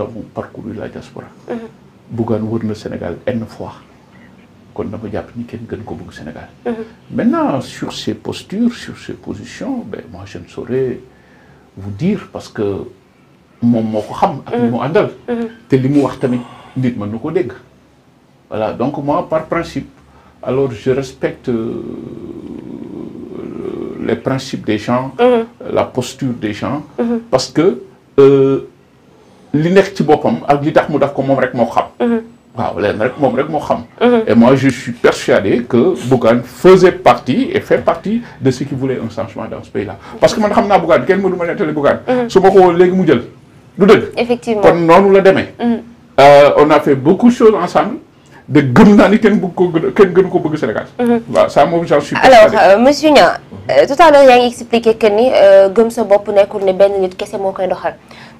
avons parcouru la diaspora. Mhm. Sénégal N fois. Sénégal. Mhm. maintenant sur ces postures sur ces positions ben moi je ne saurais vous dire parce que mon moo ko xam. ak mhm. te wax voilà donc moi par principe alors je respecte euh, les principes des gens. la posture des gens. parce que. Euh, li nekk ci bopam ak li tax mu def ko moom rek moo xam. Mhm. waaw leen rek moom rek moo xam. Mhm. et moi je suis persuadé que Bougane faisait partie et fait partie de ceux qui voulaient un changement dans ce pays là. parce que man xam naa Bougane kenn mënu ma nettali Bougane. Mhm. su ma ko woon léegi mu jël du dëgg. effectivement kon noonu la demee. Euh, on a fait beaucoup de choses ensemble. de gëm naa ni kenn bëgg ko gën kenn gënu ko bëgg Sénégal. waaw ça moom j'en suis. alors euh, monsieur Niang euh, tout à l'heure yaa ngi expliqué que ni gëm sa bopp nekkul ne benn nit kese moo koy doxal.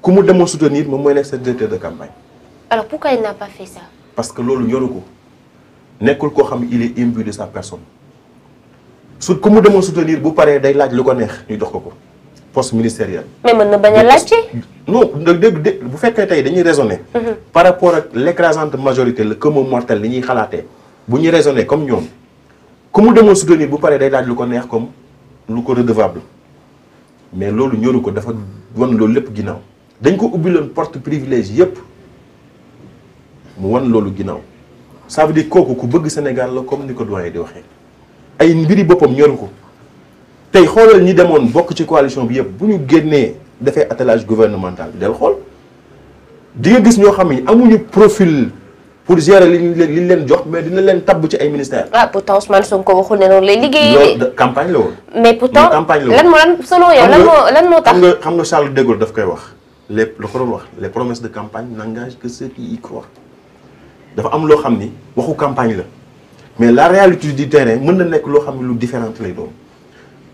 Comment mu soutenir moom mooy nekk sa directeur de campagne. alors pourquoi il n'a pas fait ça. parce que loolu ñoru ko nekkul koo xam il est imbu de sa personne Comment ku mu soutenir bu parlez day laaj lu ko neex ñu jox ko poste ministériel. mais mën na bañ a non vous faites bu fekkee tey dañuy raisonner. Mhm. par rapport à l'écrasante majorité le commun mortel vous ñuy xalaatee bu ñuy raisonner comme ñoom ku mu soutenir bu parlez day laaj lu ko neex comme lu ko redevable mais loolu ñoru ko dafa wan loolu lépp ginnaaw dañ ko ubbiloon porte privilège yépp mu wan loolu ginnaaw ça veut dire kooku ku bëgg Sénégal la comme ni ko doyen di waxee ay mbiri boppam ñoru ko tey xoolal ñi demoon bokk ci coalition bi yëpp bu ñu génnee dafay attelage gouvernemental bi del xool di nga gis ñoo xam ne amuñu profil pour gérer li li leen jox mais dina leen tabb ci ay ministère. ah pourtant Ousmane Sonko waxul ne noonu lay liggéeyee. loolu campagne la woon. mais pourtant lan moo lan selon yow lan moo lan moo tax. xam nga xam nga Charles de daf koy wax les la ko wax les promesses de campagne n'engagent que ceux qui y croient dafa am loo xam waxu campagne la mais la réalité du terrain mën na nekk loo xam ne lu différente lay doon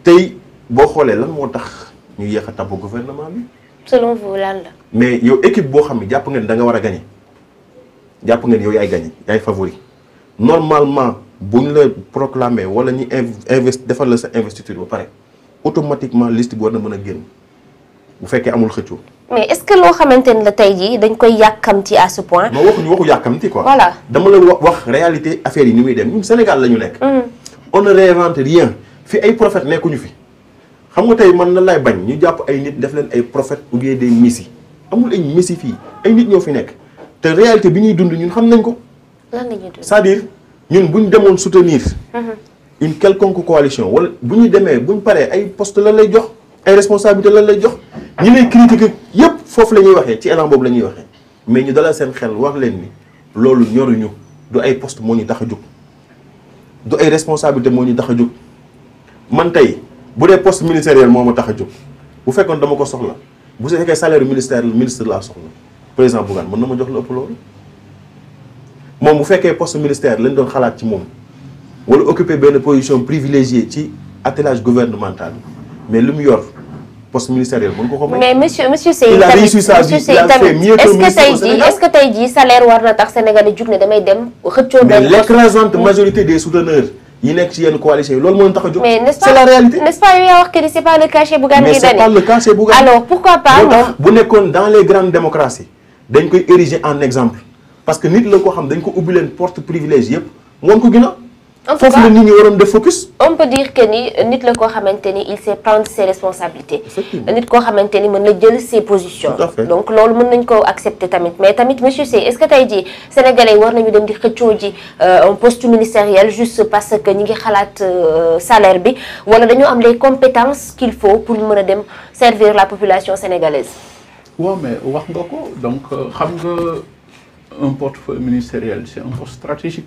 tey boo xoolee lan moo tax ñu yéex a gouvernement bi. selon vous lan la. mais yow équipe boo xam ne jàpp nga ni da nga war a gagné jàpp nga ni yow yaay gagné yaay favori normalement bu ñu proclamer wala ñu invest defal la sa investiture ba pare automatiquement liste bi war na mën a génn bu fekkee amul xëccoo mais est-ce que lo xamantene la tey jii dañ koy yakamti à ce point. ma waxu ñu waxu yakamti quoi. voilà dama la wax réalité affaire yi ni muy dem ñun Sénégal la ñu nekk. Mm. on ne réinvente rien fi ay prophètes nekkuñu fi. xam nga tay man lan lay bañ ñu japp ay nit def leen ay prophètes ou bien des messie amul ay messie fi ay nit ñoo fi nek te réalité bi ñuy dund ñun xam nañ ko. lan la dund c'est-à-dire ñun bu ñu soutenir. Mm-hmm. une quelconque coalition wala buñu démé demee paré ay poste la lay jox ay responsabilité la lay jox ñi lay critiquer yépp foofu la ñuy waxee ci élan boobu la ñuy waxee mais ñu dalal seen xel wax leen ni loolu ñoruñu du ay poste moo ñu tax a jóg du ay responsabilité moo ñu tax a jóg man tey bu dee poste ministériel moo ma tax a jóg bu fekkoon dama ko soxla bu fekkee salaire ministère ministre laa soxla président Bougane mën na ma jox la ëpp loolu moom bu fekkee poste ministère lañ doon xalaat ci moom wala occuper benn position privilégiée ci attelage gouvernemental mais lu mu yor poste ministériel mais monsieur monsieur c'est il a réussi sa vie il a fait mieux que ministre est-ce que tu as est-ce que tey jii salaire war na tax sénégalais du coup damay dem mais l'écrasante hmm. majorité des souteneurs. yi nekk ci yenn coalition yi loolu tax a ce c'est la réalité n'est-ce pas il y wax que c'est pas le cas chez Bougane mais c'est pas le cas chez alors pourquoi pas moom bu nekkoon dans les grandes démocraties dañ koy ériger en exemple parce que nit le koo xam dañ ko porte privilège yëpp woon ko on peut dire que ni nit la koo xamante il sait prendre ses responsabilités. nit corps xamante ni mën jël ses positions. donc loolu monde nañ ko accepter tamit mais tamit monsieur c'est est-ce que t'as dit, sénégalais war nañu dem di xëccoo ji euh, un poste ministériel juste parce que ñi ngi euh, salaire bi wala dañoo am les compétences qu'il faut pour mën servir la population sénégalaise. Oui, mais wax nga ko donc euh, xam un portefeuille ministériel c'est un poste stratégique.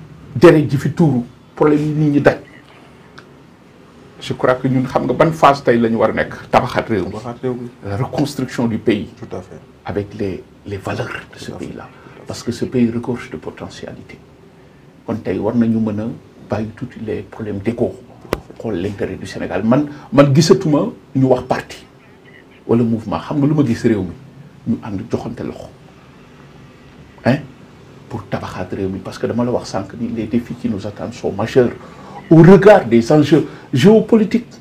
deret ji Tourou tuuru problème yi nit daj je crois que ñun xam nga ban phase de la war reconstruction du pays tout à fait avec les les valeurs de ce pays là parce que ce pays regorge de potentialité kon tey war nañu les problèmes d'égo pour l'intérêt du Sénégal man man gisatuma ñu wax parti wala mouvement xam nga lu ma gis réew mi ñu ànd joxante loxo pour tabaxaat parce que dama la wax que les défis qui nous attendent sont majeurs au regard des enjeux géopolitiques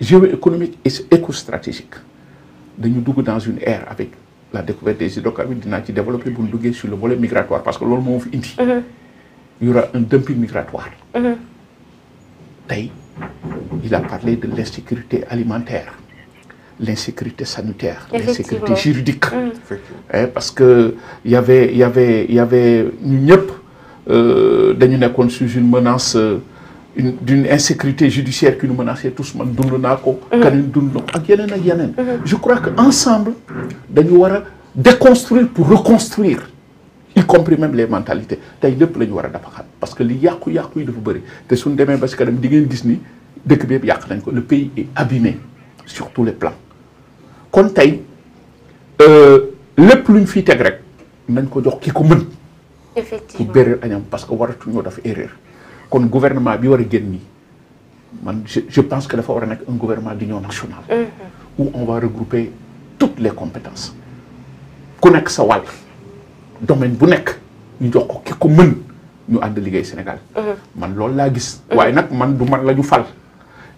géoéconomiques et éco écostratégiques nous sommes dans une ère avec la découverte des hydrocarbures nous ci développé pour nous sur le volet migratoire parce que l'on moo fi uh-huh. il y aura un dumping migratoire. Uh-huh. il a parlé de l'insécurité alimentaire l'insécurité sanitaire, l'insécurité juridique. Mmh. Eh, parce que y avait, y avait, y avait euh, dañu nekkoon sous une menace euh, d'une insécurité judiciaire qui nous menaçait tous man dund naa ko mmh. kanin dund na ak yeneen ak yeneen mmh. je crois que ensemble dañu déconstruire pour reconstruire y compris même les mentalités tey lépp la ñu war dafa parce que li yàqu-yàqu dafa bëri te suñ demee ba si kanam di gis ni bi ko le pays est abîmé sur tous les plans kon tay euh lepp luñ fi teg rek nañ ko jox kiko ko mën. effectivement pour béréb añam parce que waratu ñu daf erreur kon gouvernement bi wara a génn man je pense que dafa wara nek un gouvernement d'union nationale. Mm-hmm. où on va regrouper toutes les compétences. ku nek sa wal domaine bu nek ñu jox ko kiko ko mën ñu ànd liggéey Sénégal. Mm-hmm. man lool la gis. Mm-hmm. waye nak man du man lañu fal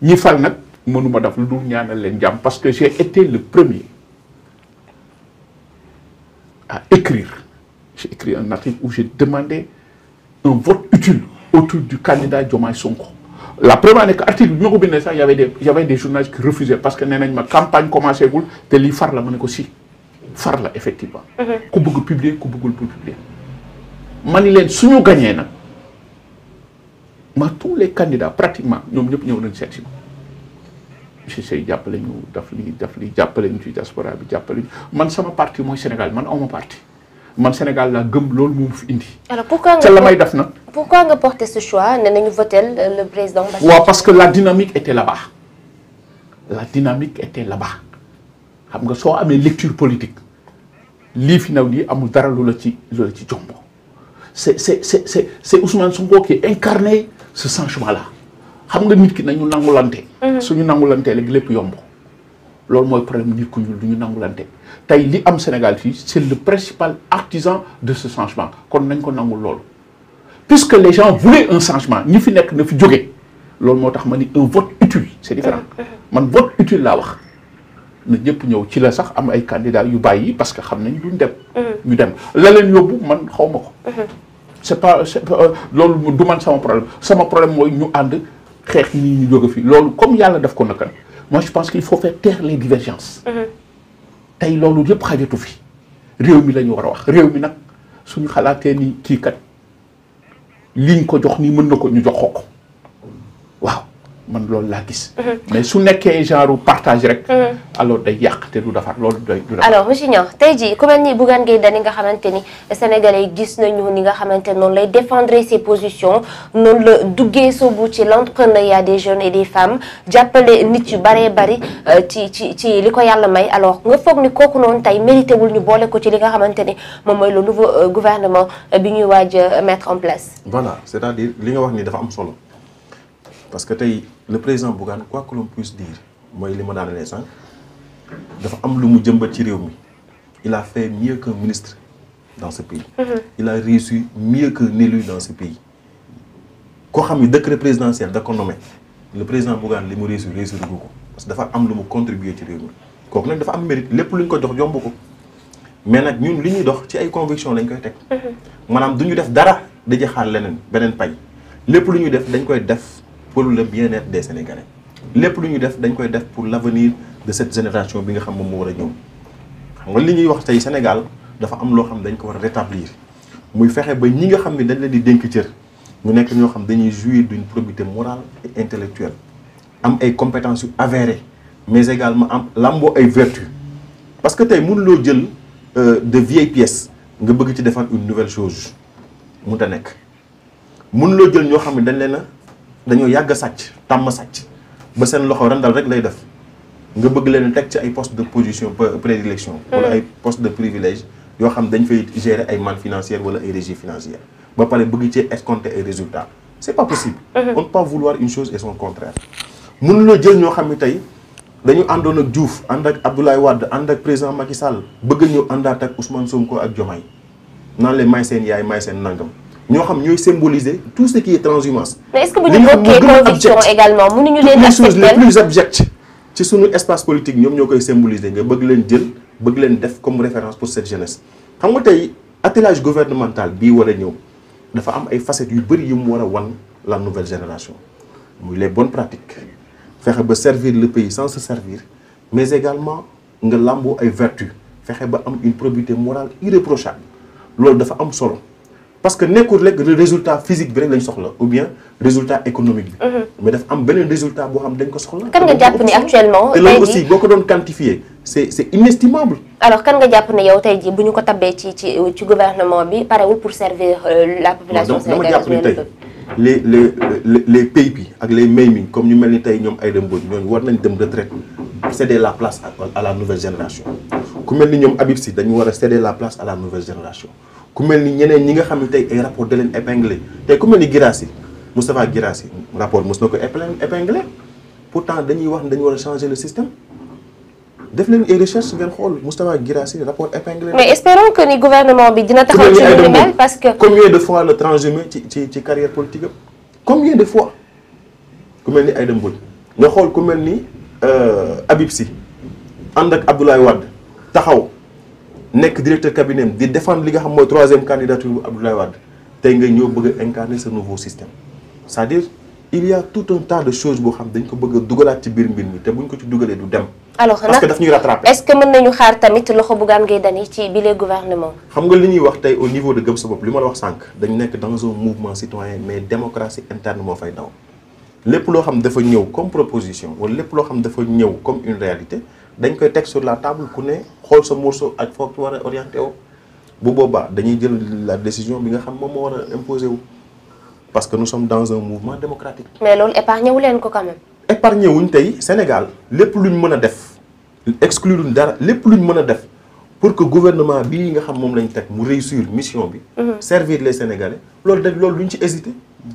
ñi fal nak je ne dul ñaanal leen parce que j'ai été le premier à écrire j'ai écrit un article où j'ai demandé un vote utile autour du candidat Diomaye Sonko la première année article il y avait des y des journalistes qui refusaient parce que ma campagne commençait, gul te faire far la ma ko si la effectivement mhm. ku bëgg publier ku bëggul pour publier ma ni leen suñu tous les candidats pratiquement nous avons ñëw nañ je sais, ñu daf daf ci diaspora bi man sama parti Sénégal man parti Sénégal la gëm lool fi indi. alors pourquoi nga pourquoi nga porté ce choix né nañu le président. Wa parce que la dynamique était là-bas la dynamique était là-bas xam nga so amé lecture politique li fi naw amul dara c'est c'est c'est c'est Ousmane Sonko qui incarnait ce changement-là xam nga nit ki nañu nangulante. Mhm. suñu nangulante leg qui yomb. lool problème nit ku am Sénégal c'est le principal artisan de ce changement puisque les gens voulaient un changement ñi fi nek na fi lool motax ma ni un vote utile c'est différent mhm, mhm. man vote utile la wax na ñëpp ci la sax am ay candidats yu parce que xam nañ duñ dem. ñu dem la leen man c'est pas c'est euh, du man problème problème xeex yi ñu jóge fi loolu comme yàlla daf ko naka moi je pense qu'il faut faire taire les divergences mhm. tay loolu yëpp xajatu fi réew mi lañu wara wax réew mi nak suñu xalaté ni ki kat liñ ko jox ni mën na ko ñu jox ko waaw man loolu la gis. Mhm. mais su nekké genre partage rek. Mhm. alors day yàq te du defar loolu day. du alors monsieur Niang tey jii ku mel ni Bougane Gueye dañ nga xamanteni sénégalais yi gis nañu ni nga xamanteni non lay défendre ses positions noonu la duggee soobu ci l'entrepreneuriat des jeunes et des femmes jàppale nit yu bari bari euh, ci ci ci li ko yàlla may alors nga foog ni kooku non tay mérité wul ñu bolé ko ci li nga xamanteni mom moy le nouveau euh, gouvernement bi ñuy waaj euh, mettre en place. voilà c'est-à-dire li nga wax ni dafa am solo parce que le président Bougane quoi que l'on puisse dire moi li ma mon sànq dafa am lu mu ci mi il a fait mieux qu'un ministre dans ce pays mm-hmm. il a réussi mieux qu'un élu dans ce pays Quoi xam décret présidentiel d'accord le président Bougane li mu réussir réussir gu ko parce que dafa am lu contribuer ci réew mi kooku nag dafa am mérite lépp lu ñu ko jox yomb ko mais nag ñun li dox ci ay conviction lañ koy teg mm-hmm. maanaam du ñu def dara daje xaar leneen beneen pay lépp lu ñuy def dañ koy def pour le bien-être des Sénégalais lépp lu ñu def dañ koy def pour l'avenir de cette génération bi nga xam moom moo war a ñëw xam nga li ñuy wax Sénégal dafa am nous xam dañ ko rétablir muy devons ba ñi nga xam ne dañ leen di dénk ñu nekk ñoo xam dañuy jouir d'une probité morale et intellectuelle am ay compétences avérées mais également am lamboo ay vertu parce que nous devons jël euh, de vieilles pièces nga bëgg ci une nouvelle chose Nous nekk mënuloo jël ñoo xam dañ dañoo yàgg a sàcc tàmm sàcc ba seen loxo rendal rek lay def nga bëgg leen teg ci ay poste de position prédilection hmm. wala ay poste de privilège yoo xam dañ fay gérer ay man financière wala ay régie financière ba pare bëgg ci escompter ay résultats c'est pas possible hmm. on ne peut pas vouloir une chose et son contraire mënuloo jël ñoo xam ne tey dañu àndoon ak Diouf ànd ak Abdoulaye Wade ànd ak président Macky Sall bëgg ñëw àndaat ak Ousmane Sonko ak Diomaye naan leen may seen yaay may seen nangam nous xam symbolisés, tout ce qui est transhumance. mais est-ce que bu ñu bokkee conviction également Toutes les choses les plus abjectes ci sont espace politique politiques. avons symbolisé. symboliser nga bëgg leen jël bëgg leen comme référence pour cette jeunesse. Vous nga un attelage gouvernemental vous avez a ñëw dafa am ay facettes yu la nouvelle génération les bonnes pratiques faire servir le pays sans se servir mais également nga làmboo ay vertus faire ba am une probité morale irréprochable loolu dafa am solo parce que nekkul le résultat physique bi rek soxla ou bien résultat économique mhm. mais daf am beneen résultat boo xam dañ ko soxla. kan nga ni actuellement. et là aussi beaucoup ko doon quantifier c'est inestimable. alors kan nga jàpp ne yow tey jii bu ñu ko tabbee ci ci gouvernement bi parewul pour servir euh, la population c'est dama les, les les les PIP ak les Maymin comme ñu mel ni tey ñoom Aïda Mbodj ñooñu war nañ dem retraite céder la place à la nouvelle génération ku nous ni ñoom Habib Sy dañu war céder la place à la nouvelle génération ku mel ni ñeneen ñi nga xam ne ay rapport de leen épinglé tey ku mel Mustafa Guirassy rapport Mustafa ko épinglé pourtant dañuy wax ne dañu changer le système def leen ay recherche ngeen Mustafa Moustapha Guirassy rapport épinglé. mais espérons que ni gouvernement bi dina taxaw ci lu mail parce que. combien de fois le transhumé ci ci carrière politique combien de fois ku mel ni Aïda Mbodj nga xool ku abipsi, ni euh, Habib Sy ak Abdoulaye Wade taxaw nek directeur cabinet di défendre li nga xam 3 troisième candidature Abdoulaye Wade tay nga ñeu bëgg incarner ce nouveau système c'est-à-dire il y a tout un tas de choses bo xam dañ ko bëgg a ci bir mbir mi te buñ ko ci dugalé du dem. alors parce que daf ñuy rattraper. est-ce que mën nañu xaar tamit loxo Bougane ngay Dany ci bile gouvernement. xam nga li ñuy wax tay au niveau de Gëm sa bopp li ma wax sank dañ nek dans un mouvement citoyen mais démocratie interne mo fay daw lepp lo xam dafa ñëw comme proposition wala lepp lo xam dafa ñëw comme une réalité dañ koy tek sur la table ku ne xool sa morceau ak foog ci war a orienté wu bu boobaa dañuy jël la décision bi nga xam moom moo war a imposé wu parce que nous sommes dans un mouvement démocratique. mais loolu épargné wu leen ko quand même. épargné wuñ tey Sénégal lépp luñ mën a def excluruñ dara lépp luñ mën a def pour que gouvernement bii nga xam moom lañ teg mu réussir mission bi. Mhm. servir les Sénégalais loolu dañ loolu duñ ci hésité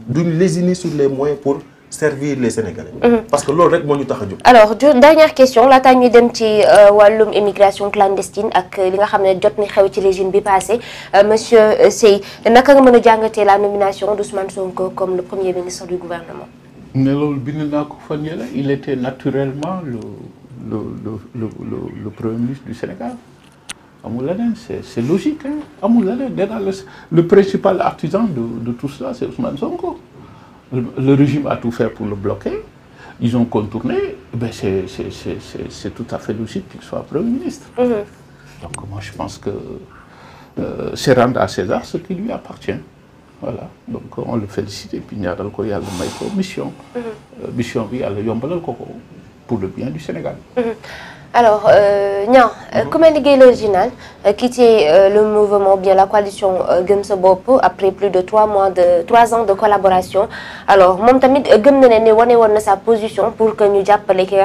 duñ lésiner sur les moyens pour servir les Sénégalais. Mhm. parce que c'est ce moo ñu a alors dernière question La taille dem ci euh, clandestine et euh, li nga xam ne jot ni xew ci passé euh, monsieur Sey, comment nga vous a la nomination d'Ousmane Sonko comme le premier ministre du gouvernement. mais bind ko il était naturellement le le le le le premier ministre du Sénégal c'est logique hein le principal artisan de de tout cela c'est Ousmane Sonko le régime a tout fait pour le bloquer. Ils ont contourné. Ben, c'est tout à fait logique qu'il soit Premier ministre. Mhm. Donc moi, je pense que euh, c'est rendre à César ce qui lui appartient. Voilà. Donc on le félicite. Et puis, il y a Maïko, mission. Mhm. Euh, mission, oui, pour le bien du Sénégal. Mhm. Alors, euh, Nya, euh, mm -hmm. comment est original euh, euh, le mouvement bien la coalition Gumsobopo après plus de trois mois de trois ans de collaboration Alors, mon tamit Gumnene wane wane sa position pour que nous appelions qui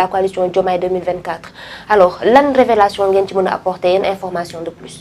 la coalition Jomai 2024. Alors, l'an révélation vient tu apporté apporter une information de plus.